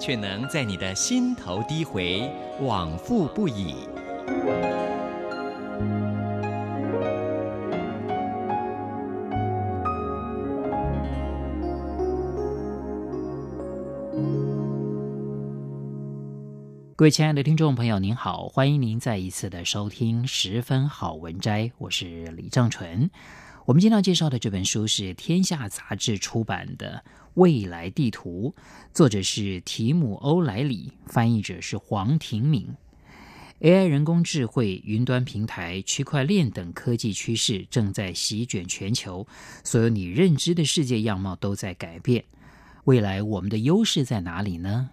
卻能在你的心頭低回，往復不已。各位親愛的聽眾朋友，您好，歡迎您再一次的收聽《十分好文摘》，我是李正淳。我們今天要介紹的這本書是《天下》雜誌出版的《未來地圖》，作者是提姆·歐萊禮，翻譯者是黃庭敏。AI、人工智慧、雲端平台、區塊鏈等科技趨勢正在席捲全球，所有你認知的世界樣貌都在改變。未來我們的優勢在哪裡呢？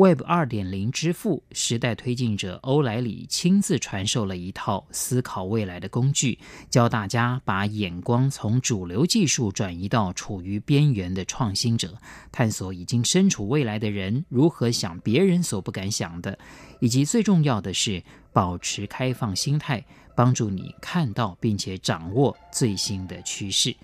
Web 2.0之父、時代推進者歐萊禮親自傳授了一套思考未來的工具，教大家把眼光從主流技術轉移到處於邊緣的創新者，探索已經身處未來的人如何想別人所不敢想的，以及最重要的是保持開放心態，幫助你看到並且掌握最新的趨勢。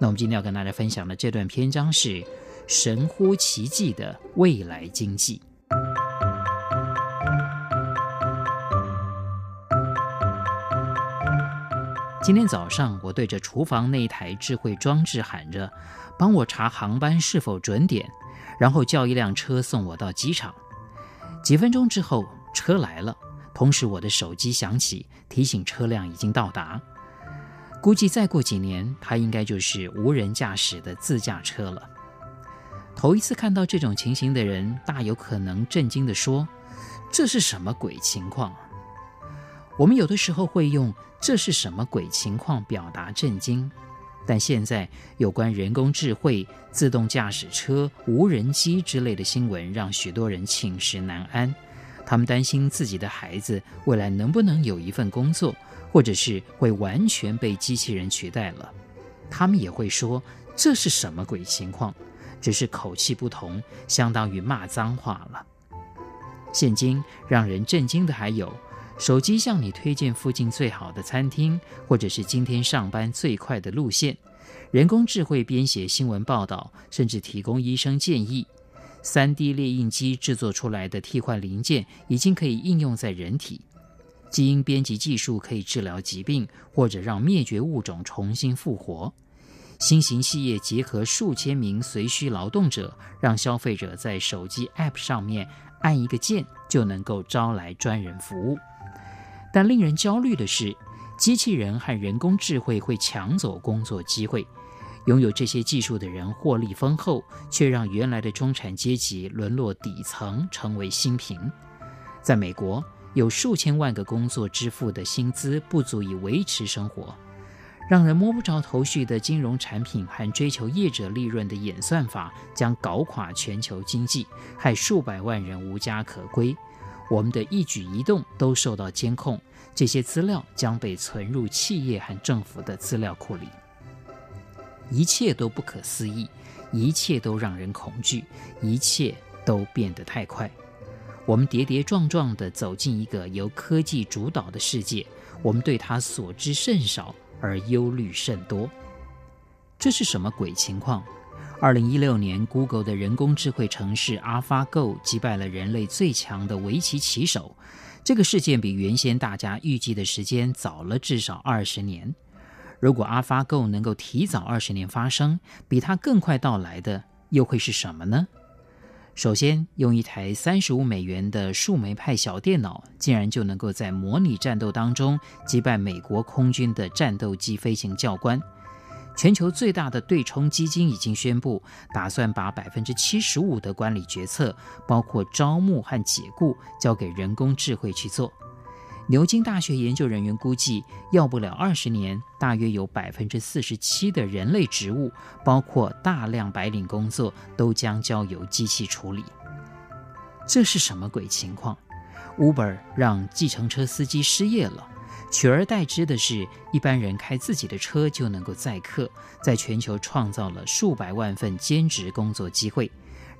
那我們今天要跟大家分享的這段篇章是《神乎其技的未來經濟》。今天早上，我對着廚房那一台智慧裝置喊着：“幫我查航班是否準點，然後叫一輛車送我到機場。”幾分鐘之後，車來了，同時我的手機響起，提醒車輛已經到達。估計再過幾年，它應該就是無人駕駛的自駕車了。頭一次看到這種情形的人，大有可能震驚地說：“這是什麼鬼情況？”我們有的時候會用“這是什麼鬼情況”表達震驚，但現在有關人工智慧、自動駕駛車、無人機之類的新聞，讓許多人寢食難安。他們擔心自己的孩子未來能不能有一份工作，或者是會完全被機器人取代了。他們也會說“這是什麼鬼情況”，只是口氣不同，相當於罵髒話了。現今讓人震驚的還有。手機向你推薦附近最好的餐廳，或者是今天上班最快的路線。人工智慧編寫新聞報道，甚至提供醫生建議。3D 列印機製作出來的替換零件已經可以應用在人體。基因編輯技術可以治療疾病，或者讓滅絕物種重新復活。新型企業結合數千名隨需勞動者，讓消費者在手機 App 上面。按一個鍵就能夠招來專人服務，但令人焦慮的是，機器人和人工智慧會搶走工作機會，擁有這些技術的人獲利豐厚，卻讓原來的中產階級淪落底層，成為新貧。在美國，有數千萬個工作支付的薪資不足以維持生活。讓人摸不着頭緒的金融產品和追求業者利潤的演算法，將搞垮全球經濟，害數百萬人無家可歸。我們的一舉一動都受到監控，這些資料將被存入企業和政府的資料庫裡。一切都不可思議，一切都讓人恐懼，一切都變得太快。我們跌跌撞撞地走進一個由科技主導的世界，我們對它所知甚少。而憂慮甚多，這是什麼鬼情況？二零一六年，Google 的人工智慧程式 AlphaGo 擊敗了人類最強的圍棋棋手，這個事件比原先大家預計的時間早了至少二十年。如果 AlphaGo 能夠提早二十年發生，比它更快到來的又會是什麼呢？首先，用一台三十五美元的樹莓派小電腦，竟然就能夠在模擬戰鬥當中擊敗美國空軍的戰鬥機飛行教官。全球最大的對沖基金已經宣布，打算把百分之七十五的管理決策，包括招募和解雇，交給人工智慧去做。牛津大學研究人員估計，要不了二十年，大約有百分之四十七的人類職務，包括大量白領工作，都將交由機器處理。這是什麼鬼情況？Uber 讓計程車司機失業了，取而代之的是，一般人開自己的車就能夠載客，在全球創造了數百萬份兼職工作機會。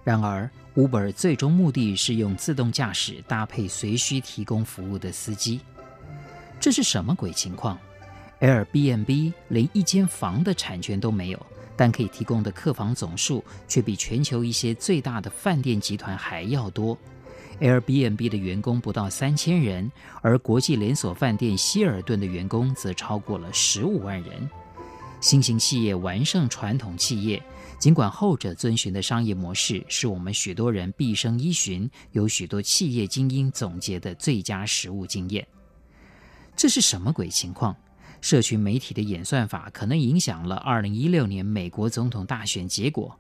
然而，Uber 最終目的是用自動駕駛搭配隨需提供服務的司機，這是什麼鬼情況？Airbnb 連一間房的產權都沒有，但可以提供的客房總數卻比全球一些最大的飯店集團還要多。Airbnb 的員工不到三千人，而國際連鎖飯店希爾頓的員工則超過了十五萬人。新型企業完勝傳統企業。儘管後者遵循的商業模式是我們許多人畢生依循，有許多企業精英總結的最佳實務經驗。這是什麼鬼情況？社群媒體的演算法可能影響了二零一六年美國總統大選結果。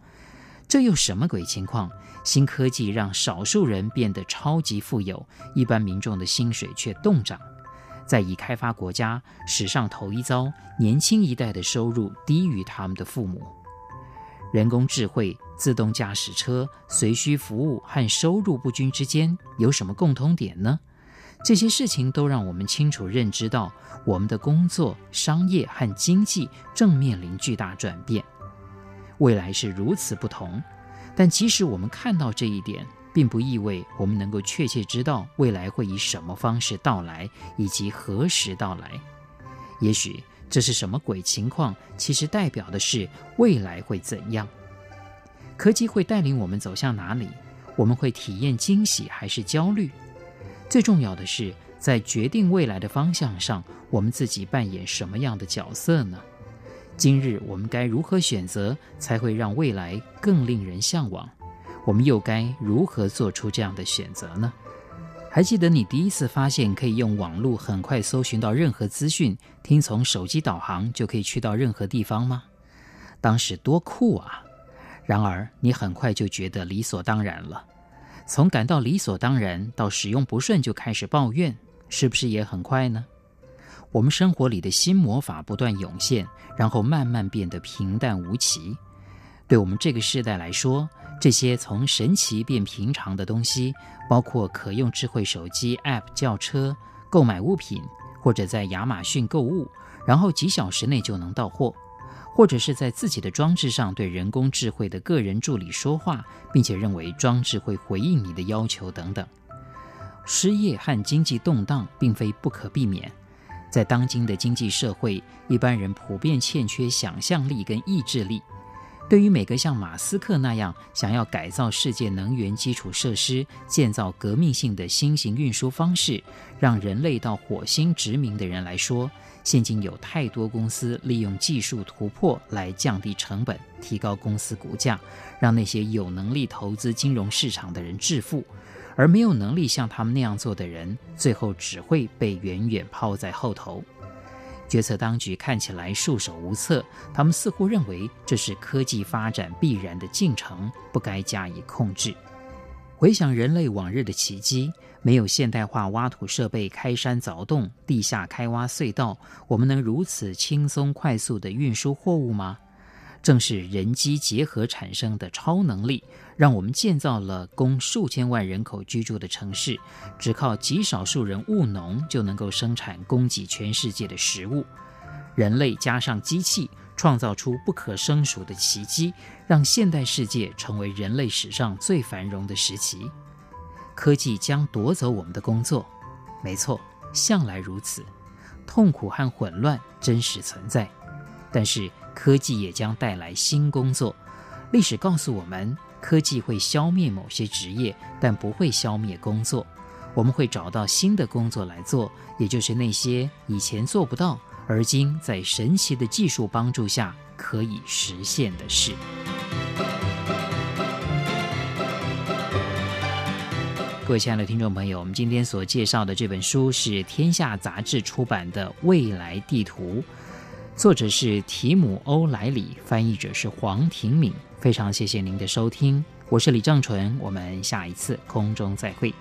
這又什麼鬼情況？新科技讓少數人變得超級富有，一般民眾的薪水卻凍漲。在已開發國家史上頭一遭，年輕一代的收入低於他們的父母。人工智慧、自動駕駛車、隨需服務和收入不均之間有什麼共通點呢？這些事情都讓我們清楚認知到，我們的工作、商業和經濟正面臨巨大轉變。未來是如此不同，但即使我們看到這一點，並不意味我們能夠確切知道未來會以什麼方式到來，以及何時到來。也許，這是什麼鬼情況？其實代表的是未來會怎樣？科技會帶領我們走向哪裡？我們會體驗驚喜還是焦慮？最重要的是，在決定未來的方向上，我們自己扮演什麼樣的角色呢？今日我們該如何選擇，才會讓未來更令人向往？我們又該如何做出這樣的選擇呢？還記得你第一次發現可以用網路很快搜尋到任何資訊，聽從手機導航就可以去到任何地方嗎？當時多酷啊！然而你很快就覺得理所當然了。從感到理所當然到使用不順就開始抱怨，是不是也很快呢？我們生活裡的新魔法不斷湧現，然後慢慢變得平淡無奇。對我們這個時代來說，這些從神奇變平常的東西，包括可用智慧手機 App 叫車、購買物品，或者在亞馬遜購物，然後幾小時內就能到貨；或者是在自己的裝置上對人工智慧的個人助理說話，並且認為裝置會回應你的要求等等。失業和經濟動盪並非不可避免。在當今的經濟社會，一般人普遍欠缺想象力跟意志力。對於每個像馬斯克那樣想要改造世界能源基礎設施、建造革命性的新型運輸方式，讓人類到火星殖民的人來說，現今有太多公司利用技術突破來降低成本，提高公司股價，讓那些有能力投資金融市場的人致富，而沒有能力像他們那樣做的人，最後只會被遠遠拋在後頭。決策當局看起來束手無策，他們似乎認為這是科技發展必然的進程，不該加以控制。回想人類往日的奇蹟，沒有現代化挖土設備開山鑿洞、地下開挖隧道，我們能如此輕鬆快速地運輸貨物嗎？正是人機結合產生的超能力，讓我們建造了供數千萬人口居住的城市，只靠極少數人務農就能夠生產供給全世界的食物。人類加上機器，創造出不可勝數的奇跡，讓現代世界成為人類史上最繁榮的時期。科技將奪走我們的工作，沒錯，向來如此。痛苦和混亂真實存在，但是，科技也將帶來新工作，歷史告訴我們，科技會消滅某些職業，但不會消滅工作。我們會找到新的工作來做，也就是那些以前做不到，而今在神奇的技術幫助下可以實現的事。各位親愛的聽眾朋友，我們今天所介紹的這本書是《天下雜誌》出版的《未來地圖》。作者是提姆·歐萊禮，翻譯者是黃庭敏。非常謝謝您的收聽，我是李正淳，我們下一次空中再會。